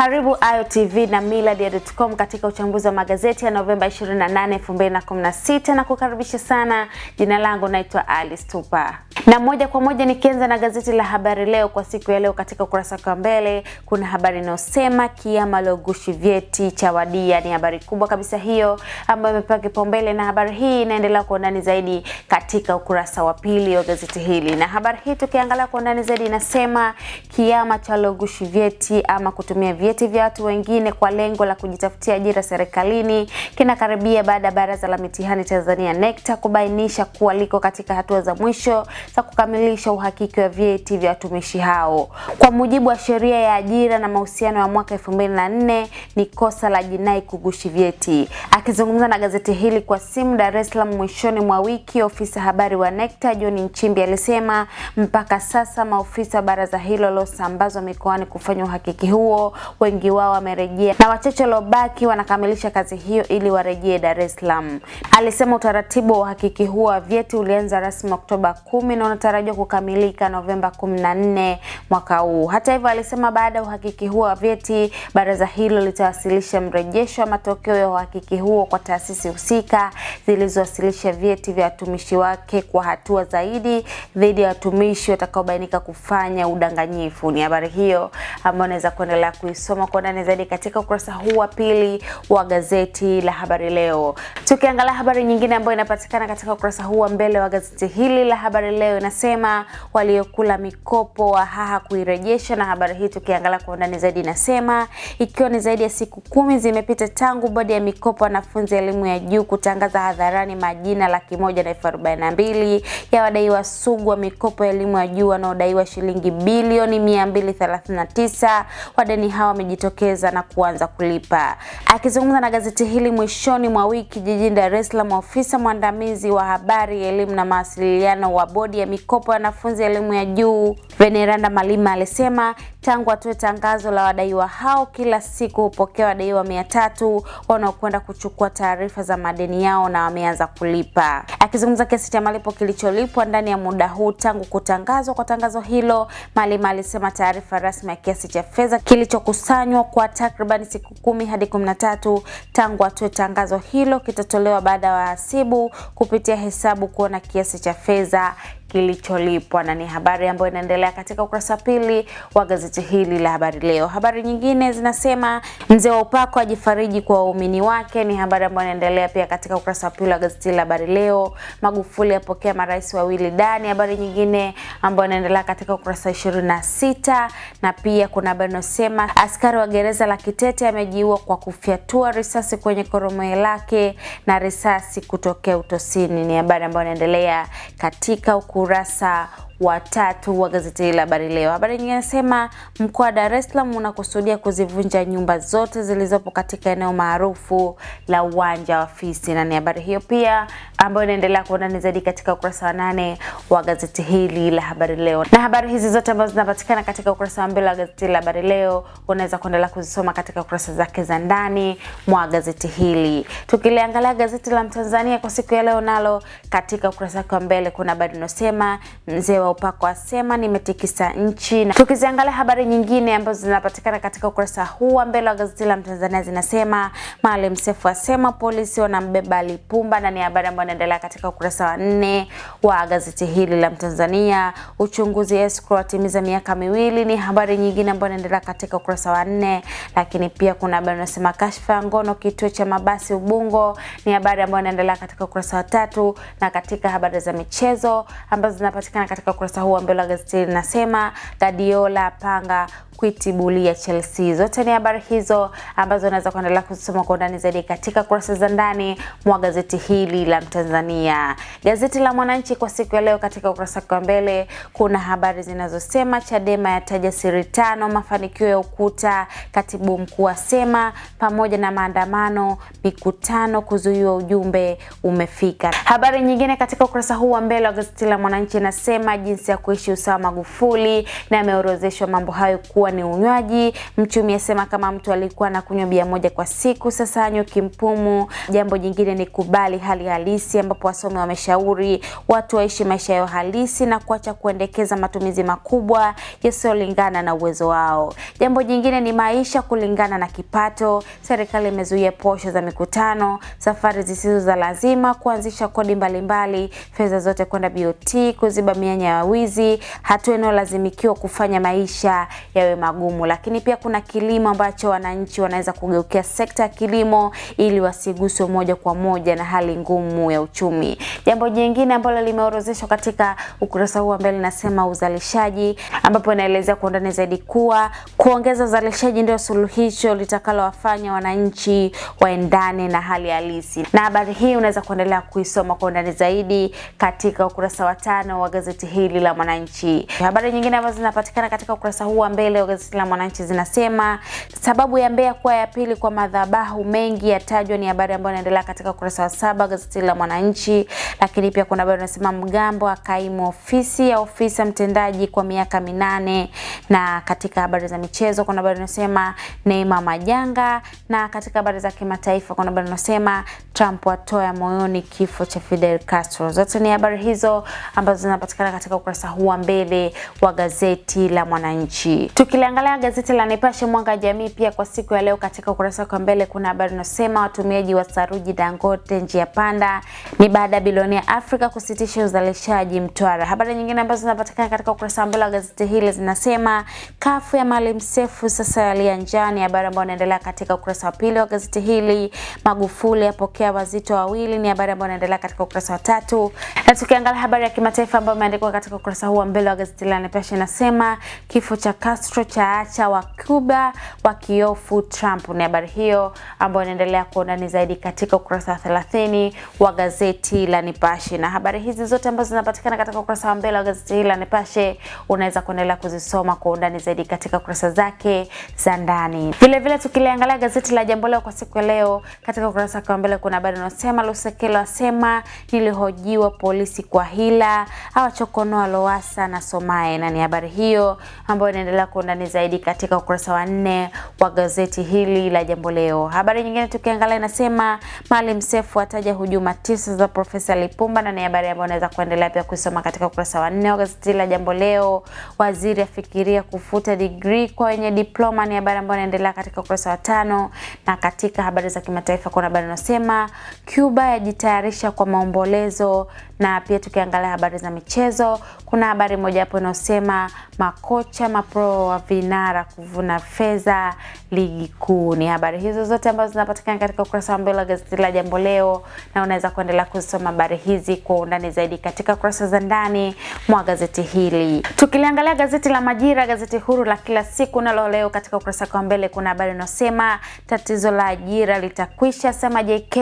Karibu Ayo TV na millardayo.com katika uchambuzi wa magazeti ya Novemba 28, 2016 na kukaribisha sana. Jina langu naitwa Alice Tupa na moja kwa moja nikianza na gazeti la Habari Leo kwa siku ya leo, katika ukurasa wa mbele kuna habari inayosema kiama logushi vyeti cha wadia. Ni habari kubwa kabisa hiyo ambayo imepewa kipaumbele, na habari hii inaendelea kwa undani zaidi katika ukurasa wa pili wa gazeti hili. Na habari hii tukiangalia kwa undani zaidi inasema kiama cha logushi vyeti ama kutumia vyeti vyeti vya watu wengine kwa lengo la kujitafutia ajira serikalini kinakaribia baada ya Baraza la Mitihani Tanzania NECTA kubainisha kuwa liko katika hatua za mwisho za kukamilisha uhakiki wa vyeti vya watumishi hao. Kwa mujibu wa sheria ya ajira na mahusiano ya mwaka 2004 ni kosa la jinai kugushi vyeti. Akizungumza na gazeti hili kwa simu Dar es Salaam mwishoni mwa wiki, ofisa habari wa NECTA John Nchimbi alisema mpaka sasa maofisa wa baraza hilo waliosambazwa mikoani kufanya uhakiki huo wengi wao wamerejea na wachache waliobaki wanakamilisha kazi hiyo ili warejee Dar es Salaam. Alisema utaratibu wa uhakiki huo wa vyeti ulianza rasmi Oktoba 10 na unatarajiwa kukamilika Novemba 14 mwaka huu. Hata hivyo, alisema baada ya uhakiki huo wa vyeti, baraza hilo litawasilisha mrejesho wa matokeo ya uhakiki huo kwa taasisi husika zilizowasilisha vyeti vya watumishi wake kwa hatua zaidi dhidi ya watumishi watakaobainika kufanya udanganyifu. Ni habari hiyo ambayo unaweza kuendelea kuisoma kusoma kwa ndani zaidi katika ukurasa huu wa pili wa gazeti la Habari Leo. Tukiangalia habari nyingine ambayo inapatikana katika ukurasa huu wa mbele wa gazeti hili la Habari Leo inasema waliokula mikopo wahaha kuirejesha. Na habari hii tukiangalia kwa undani zaidi inasema ikiwa ni zaidi ya siku kumi zimepita tangu bodi ya mikopo wanafunzi elimu ya juu kutangaza hadharani majina laki moja na elfu arobaini na mbili ya wadaiwa sugu wa mikopo ya elimu ya juu wanaodaiwa shilingi bilioni 239. Wadeni hawa wamejitokeza na kuanza kulipa. Akizungumza na gazeti hili mwishoni mwa wiki jijini Dar es Salaam, afisa mwandamizi wa habari, elimu na mawasiliano wa bodi ya mikopo ya wanafunzi elimu ya juu Veneranda Malima alisema tangu atoe tangazo la wadaiwa hao, kila siku hupokea wadaiwa mia tatu wanaokwenda kuchukua taarifa za madeni yao na wameanza kulipa. Akizungumza kiasi cha malipo kilicholipwa ndani ya muda huu tangu kutangazwa kwa tangazo hilo, Malima alisema taarifa rasmi ya kiasi cha fedha kilichokusanywa kwa takriban siku kumi hadi kumi na tatu tangu atoe tangazo hilo kita kutolewa baada ya wahasibu kupitia hesabu kuona kiasi cha fedha kilicholipwa, na ni habari ambayo inaendelea katika ukurasa pili wa gazeti hili la Habari Leo. Habari nyingine zinasema mzee wa upako ajifariji kwa waumini wake, ni habari ambayo inaendelea pia katika ukurasa wa pili wa gazeti la Habari Leo. Magufuli apokea marais wawili ndani, habari nyingine ambayo inaendelea katika ukurasa 26, na pia kuna habari inasema askari wa gereza la Kitete amejiua kwa kufyatua risasi kwenye koromeo lake na risasi kutokea utosini, ni habari ambayo inaendelea katika uku ukurasa watatu wa gazeti la Habari Leo. Habari nyingine inasema mkoa wa Dar es Salaam unakusudia kuzivunja nyumba zote zilizopo katika eneo maarufu la uwanja wa Fisi, na ni habari hiyo pia ambayo inaendelea kwa undani zaidi katika ukurasa wa nane wa gazeti hili la Habari Leo. Na habari hizi zote ambazo zinapatikana katika ukurasa wa mbele wa gazeti la Habari Leo unaweza kuendelea kuzisoma katika kurasa zake za ndani mwa gazeti hili. Tukiliangalia gazeti la Mtanzania kwa siku ya leo, nalo katika ukurasa wake wa mbele kuna habari inayosema mzee wa Opako asema nimetikisa nchi. Na tukiziangalia habari nyingine ambazo zinapatikana katika ukurasa huu wa mbele wa gazeti la Mtanzania zinasema Maalim Seif asema polisi wanambeba Lipumba, na ni habari ambayo inaendelea katika ukurasa wa nne wa gazeti hili la Mtanzania. Uchunguzi escrow atimiza miaka miwili, ni habari nyingine ambayo inaendelea katika ukurasa wa nne. Lakini pia kuna habari inasema kashfa ya ngono kituo cha mabasi Ubungo, ni habari ambayo inaendelea katika ukurasa wa tatu, na katika habari za michezo ambazo zinapatikana katika ukurasa huu wa mbele wa gazeti linasema Guardiola panga ya Chelsea. Zote ni habari hizo ambazo unaweza kuendelea kusoma kwa undani zaidi katika kurasa za ndani mwa gazeti hili la Mtanzania. Gazeti la Mwananchi kwa siku ya leo, katika ukurasa wa mbele kuna habari zinazosema Chadema yataja siri tano, mafanikio ya Ukuta, katibu mkuu asema, pamoja na maandamano, mikutano kuzuiwa, ujumbe umefika. Habari nyingine katika ukurasa huu wa mbele wa gazeti la Mwananchi inasema jinsi ya kuishi usawa Magufuli na ameorozeshwa mambo hayo kuwa ni unywaji. Mchumi asema kama mtu alikuwa anakunywa bia moja kwa siku sasa anywe kimpumu. Jambo jingine ni kubali hali halisi, ambapo wasomi wameshauri watu waishi maisha yao halisi na kuacha kuendekeza matumizi makubwa yasiyolingana na uwezo wao. Jambo jingine ni maisha kulingana na kipato. Serikali imezuia posho za mikutano, safari zisizo za lazima, kuanzisha kodi mbalimbali, fedha zote kwenda BOT, kuziba mianya ya wawizi, hatua inayolazimikiwa kufanya maisha yawe magumu. Lakini pia kuna kilimo ambacho wananchi wanaweza kugeukia sekta ya kilimo ili wasiguswe moja kwa moja na hali ngumu ya uchumi. Jambo jingine ambalo limeorozeshwa katika ukurasa huu mbele linasema uzalishaji, ambapo inaelezea kwa undani zaidi kuwa kuongeza uzalishaji ndio suluhisho litakalowafanya wananchi waendane na hali halisi. Na habari hii unaweza kuendelea kuisoma kwa undani zaidi katika ukurasa wa tano wa gazeti hii hili la Mwananchi. Habari nyingine ambazo zinapatikana katika ukurasa huu wa mbele wa gazeti la Mwananchi zinasema sababu ya Mbeya kuwa ya pili kwa madhabahu mengi yatajwa, ni habari ambayo inaendelea katika ukurasa wa saba gazeti la Mwananchi. Lakini pia kuna habari inasema Mgambo akaimu ofisi ya ofisa mtendaji kwa miaka minane, na katika habari za michezo kuna habari inasema Neema majanga, na katika habari za kimataifa kuna habari inasema Trump atoa moyoni kifo cha Fidel Castro. Zote ni habari hizo ambazo zinapatikana katika katika ukurasa huu wa mbele wa gazeti la Mwananchi. Tukiliangalia gazeti la Nipashe mwanga jamii pia kwa siku ya leo katika ukurasa wa mbele kuna habari inasema watumiaji wa saruji Dangote njia panda ni baada ya bilionea Afrika kusitisha uzalishaji Mtwara. Habari nyingine ambazo zinapatikana katika ukurasa wa mbele wa gazeti hili zinasema kafu ya Maalim Seif sasa yalia njani, habari ambayo inaendelea katika ukurasa wa pili wa gazeti hili. Magufuli apokea wazito wawili, ni habari ambayo inaendelea katika ukurasa wa tatu, na tukiangalia habari ya kimataifa ambayo imeandikwa katika ukurasa huu wa mbele wa gazeti la Nipashe inasema kifo cha Castro cha acha wa Cuba wa kiofu Trump. Ni habari hiyo ambayo inaendelea kwa undani zaidi katika ukurasa wa 30 wa gazeti la Nipashe, na habari hizi zote ambazo zinapatikana katika ukurasa wa mbele wa gazeti hili la Nipashe unaweza kuendelea kuzisoma kwa undani zaidi katika kurasa zake za ndani. Vile vile tukiliangalia gazeti la Jambo Leo kwa siku ya leo, katika ukurasa wa mbele kuna habari inasema Lusekelo asema nilihojiwa polisi kwa hila hawachokono mkono wa Lowassa na Somae, na ni habari hiyo ambayo inaendelea kwa undani zaidi katika ukurasa wa nne wa gazeti hili la Jambo Leo. Habari nyingine tukiangalia inasema Maalim Seif ataja hujuma tisa za Profesa Lipumba, na ni habari ambayo unaweza kuendelea pia kusoma katika ukurasa wa nne wa gazeti la Jambo Leo. Waziri afikiria kufuta degree kwa wenye diploma, ni habari ambayo inaendelea katika ukurasa wa tano. Na katika habari za kimataifa kuna habari inasema Cuba yajitayarisha kwa maombolezo na pia tukiangalia habari za michezo, kuna habari moja hapo inayosema makocha mapro wa vinara kuvuna fedha ligi kuu. Ni habari hizo zote ambazo zinapatikana katika ukurasa wa mbele wa gazeti la Jambo Leo, na unaweza kuendelea kuzisoma habari hizi kwa undani zaidi katika kurasa za ndani mwa gazeti hili. Tukiliangalia gazeti la Majira, gazeti huru la kila siku, nalo leo katika ukurasa wa mbele kuna habari inayosema tatizo la ajira litakwisha, asema JK,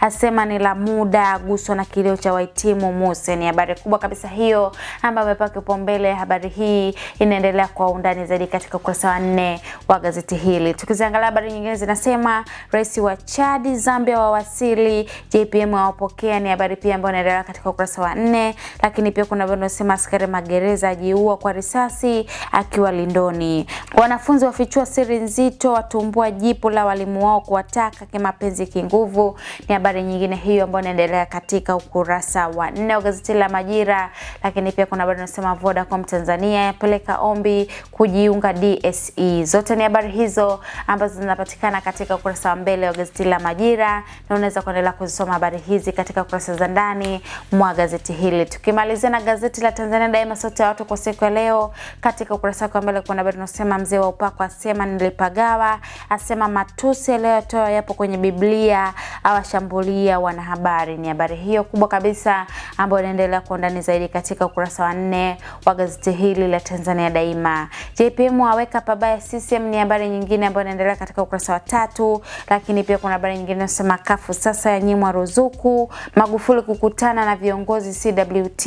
asema ni la muda, guswa na kilio cha waitia Hakimu Muse. Ni habari kubwa kabisa hiyo ambayo amepewa kipaumbele. Habari hii inaendelea kwa undani zaidi katika ukurasa wa nne wa gazeti hili. Tukiziangalia habari nyingine zinasema rais wa Chad Zambia wawasili, JPM wawapokea. Ni habari pia ambayo inaendelea katika ukurasa wa nne, lakini pia kuna habari inasema askari magereza ajiua kwa risasi akiwa lindoni. Wanafunzi wafichua siri nzito, watumbua jipu la walimu wao kuwataka kimapenzi kinguvu. Ni habari nyingine hiyo ambayo inaendelea katika ukurasa wa wa nne wa gazeti la Majira. Lakini pia kuna habari inasema Vodacom Tanzania yapeleka ombi kujiunga DSE. Zote ni habari hizo ambazo zinapatikana katika ukurasa wa mbele wa gazeti la Majira, na unaweza kuendelea kuzisoma habari hizi katika kurasa za ndani mwa gazeti hili. Tukimalizia na gazeti la Tanzania Daima, sote ya watu kwa siku ya leo, katika ukurasa wa mbele kuna habari inasema mzee wa upako asema nilipagawa, asema matusi aliyotoa yapo kwenye Biblia, awashambulia wanahabari. Ni habari hiyo kubwa kabisa ambayo inaendelea kwa undani zaidi katika ukurasa wa nne wa gazeti hili la Tanzania Daima. JPM aweka pabaya CCM ni habari nyingine ambayo inaendelea katika ukurasa wa tatu, lakini pia kuna habari nyingine inasema kafu sasa yanyimwa ruzuku, Magufuli kukutana na viongozi CWT,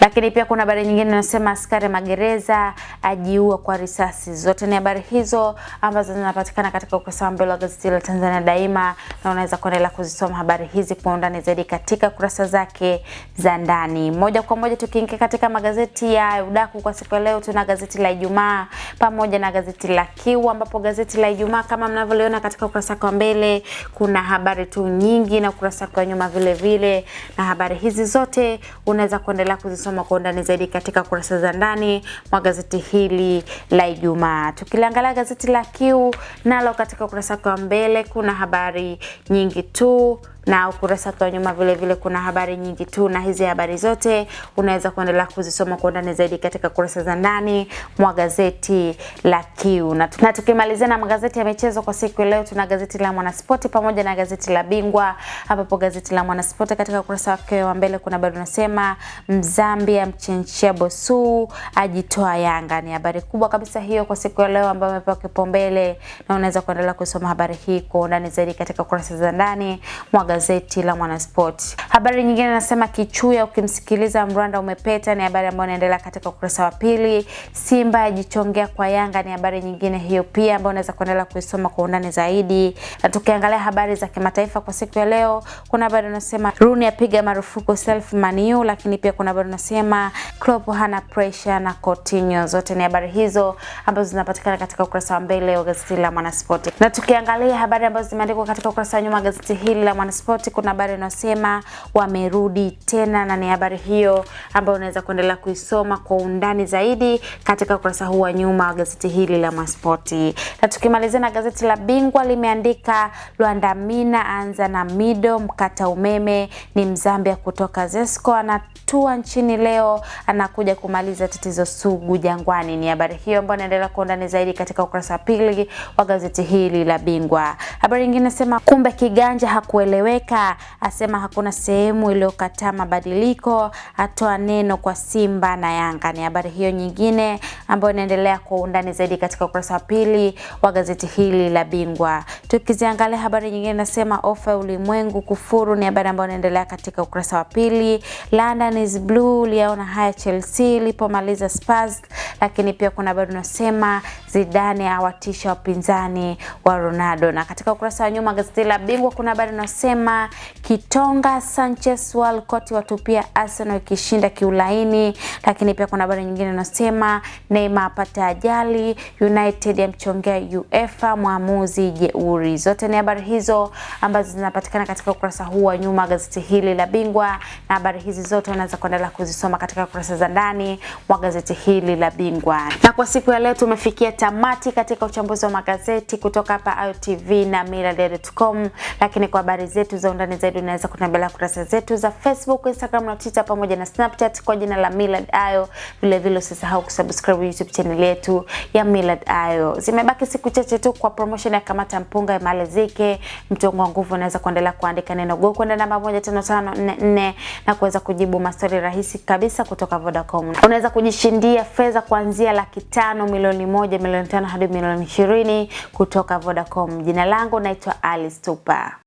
lakini pia kuna habari nyingine inasema askari magereza ajiua kwa risasi. Zote ni habari hizo ambazo zinapatikana katika ukurasa wa mbele wa gazeti la Tanzania Daima na unaweza kuendelea kuzisoma habari hizi kwa undani zaidi katika kurasa zake za ndani. Moja kwa moja tukiingia katika magazeti ya udaku kwa siku ya leo, tuna gazeti la Ijumaa pamoja na gazeti la Kiu, ambapo gazeti la Ijumaa kama mnavyoliona katika ukurasa wa mbele kuna habari tu nyingi na ukurasa wa nyuma vile vile, na habari hizi zote unaweza kuendelea kuzisoma kwa undani zaidi katika kurasa za ndani mwa gazeti hili la Ijumaa. Tukiliangalia gazeti la Kiu nalo katika ukurasa wa mbele kuna habari nyingi tu na ukurasa wetu wa nyuma vile vile kuna habari nyingi tu, na hizi habari zote unaweza kuendelea kuzisoma kwa undani zaidi katika kurasa za ndani mwa gazeti la Kiu. Na tukimalizia na magazeti ya michezo kwa siku ya leo, tuna gazeti la Mwanaspoti pamoja na gazeti la Bingwa, ambapo gazeti la Mwanaspoti katika ukurasa wake wa mbele kuna bado nasema Mzambia mchenchia Bosu ajitoa Yanga. Ni habari kubwa kabisa hiyo kwa siku ya leo ambayo imepewa kipaumbele, na unaweza kuendelea kusoma habari hii kwa undani zaidi katika kurasa za ndani mwa gazeti la Mwanasport. Habari nyingine nasema kichuya ukimsikiliza Mrwanda umepeta, ni habari ambayo inaendelea katika ukurasa wa pili. Simba yajichongea kwa Yanga ni habari nyingine hiyo pia ambayo unaweza kuendelea kuisoma kwa undani zaidi. Na tukiangalia habari za kimataifa kwa siku ya leo, kuna habari unasema Rooney apiga marufuku self maniu, lakini pia kuna habari unasema Klopp hana pressure na Coutinho. Zote ni habari hizo ambazo zinapatikana katika ukurasa wa mbele wa gazeti la Mwanasport. Na tukiangalia habari ambazo zimeandikwa katika ukurasa wa nyuma gazeti hili la Mwanaspoti Sport kuna habari inasema wamerudi tena, na ni habari hiyo ambayo unaweza kuendelea kuisoma kwa undani zaidi katika ukurasa huu wa nyuma wa gazeti hili la Mwanaspoti. Na tukimalizia na gazeti la Bingwa limeandika Luanda Mina anza na Mido, mkata umeme ni Mzambia kutoka Zesco anatua nchini leo, anakuja kumaliza tatizo sugu Jangwani. Ni habari hiyo ambayo inaendelea kwa undani zaidi katika ukurasa wa pili wa gazeti hili la Bingwa. Habari nyingine sema kumbe Kiganja hakuelewe Mereka asema hakuna sehemu iliyokataa mabadiliko, atoa neno kwa Simba na Yanga. Ni habari hiyo nyingine ambayo inaendelea kwa undani zaidi katika ukurasa wa pili wa gazeti hili la Bingwa. Tukiziangalia habari nyingine, nasema ofa ya ulimwengu kufuru, ni habari ambayo inaendelea katika ukurasa wa pili. London is blue, liaona haya Chelsea ilipomaliza Spurs, lakini pia kuna habari unasema Zidane awatisha wapinzani wa Ronaldo, na katika ukurasa wa nyuma gazeti la Bingwa kuna habari unasema anasema Kitonga Sanchez Walcott watupia Arsenal ikishinda kiulaini. Lakini pia kuna habari nyingine inasema Neymar apata ajali, United yamchongea UEFA, mwamuzi jeuri. Zote ni habari hizo ambazo zinapatikana katika ukurasa huu wa nyuma gazeti hili la Bingwa, na habari hizi zote unaweza kuendelea kuzisoma katika kurasa za ndani mwa gazeti hili la Bingwa. Na kwa siku ya leo tumefikia tamati katika uchambuzi wa magazeti kutoka hapa AyoTV na millardayo.com, lakini kwa habari zetu zetu za undani zaidi, unaweza kutembelea kurasa zetu za Facebook, Instagram na Twitter pamoja na Snapchat kwa jina la Millard Ayo. Vile vile usisahau kusubscribe YouTube channel yetu ya Millard Ayo. Zimebaki siku chache tu kwa promotion ya kamata mpunga imalizike. Mtongo wa nguvu unaweza kuendelea kuandika neno go kwenda namba 15544 na kuweza kujibu maswali rahisi kabisa kutoka Vodacom. Unaweza kujishindia fedha kuanzia laki tano, milioni moja, milioni tano hadi milioni ishirini kutoka Vodacom. Jina langu naitwa Alice Tupa.